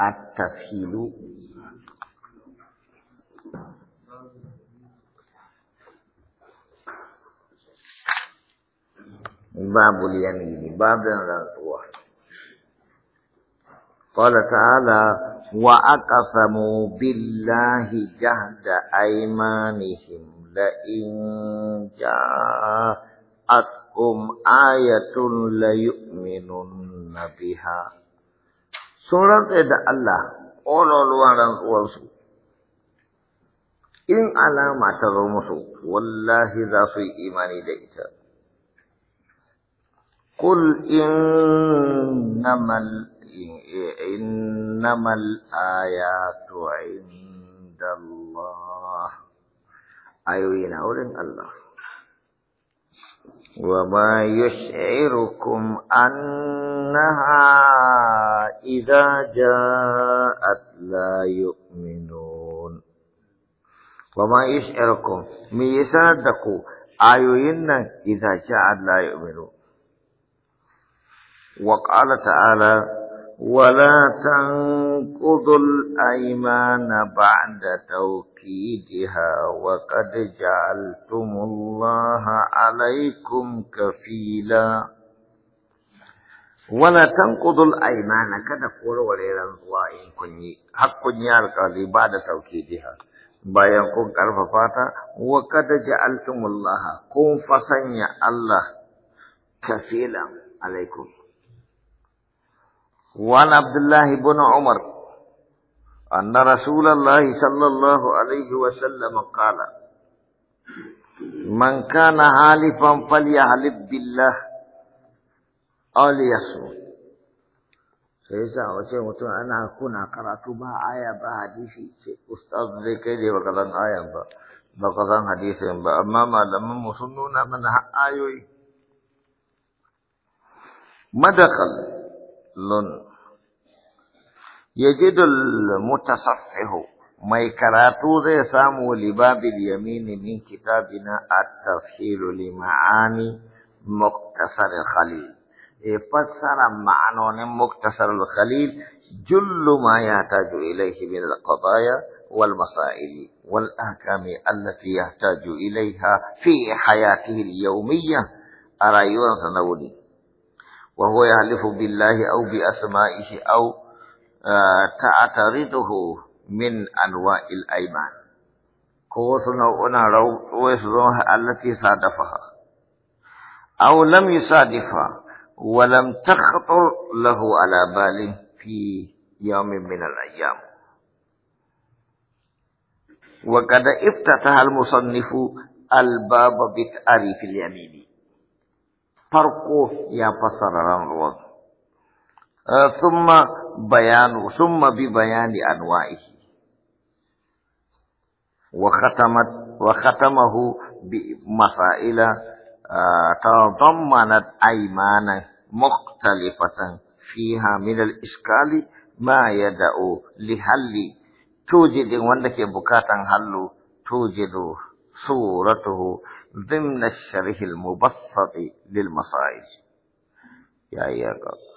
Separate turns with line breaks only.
التسهيل باب اليمين باب الرسول قال تعالى وأقسموا بالله جهد أيمانهم لئن جاءتكم آية ليؤمنن بها sun rantse da Allah ƙololuwan rantsuwarsu in alama ta zo musu wallahi za su yi imani da ita in قل aya إنما inda Allah! Ayoyi na wurin Allah. وما يشعركم أنها إذا جاءت لا يؤمنون وما يشعركم ميسادكم آيوين إذا جاءت لا يؤمنون وقال تعالى ولا تنقضوا الأيمان بعد توكيدها وقد جعلتم الله عليكم كفيلا ولا تنقضوا الأيمان كذا قولوا وليلا الله إن كني حق يالقى بعد توكيدها bayan kun ƙarfafa ta wa kada الله kun fasanya Allah kafilan alaikum وعن عبد الله بن عمر أن رسول الله صلى الله عليه وسلم قال من كان حالفا فليحلف بالله أو ليصوم فإذا أوتي متو أنا قرأت بها آية بحديث أستاذ ذكي دي بقضان آية بقضان حديث أما ما لما مصنون من آية مدقل لن يجد المتصفح ما يكراتو زي سامو لباب اليمين من كتابنا التسهيل لمعاني مقتصر الخليل إيه، فسر معنى مقتصر الخليل جل ما يحتاج إليه من القضايا والمسائل والأحكام التي يحتاج إليها في حياته اليومية أرايون سنولي وهو يحلف بالله أو بأسمائه أو آه، تعترضه من أنواع الأيمان كوثنا أنا روثنا التي صادفها أو لم يصادفها ولم تخطر له على بال في يوم من الأيام وقد افتتح المصنف الباب بتعريف اليمين فرقه يا بصر رمضان آه، ثم بيان ثم ببيان أنواعه وختمت وختمه بمسائل تضمنت أيمانا مختلفة فيها من الإشكال ما يدعو لحل توجد وندك بكاتا حل توجد صورته ضمن الشرح المبسط للمصائب يا إياك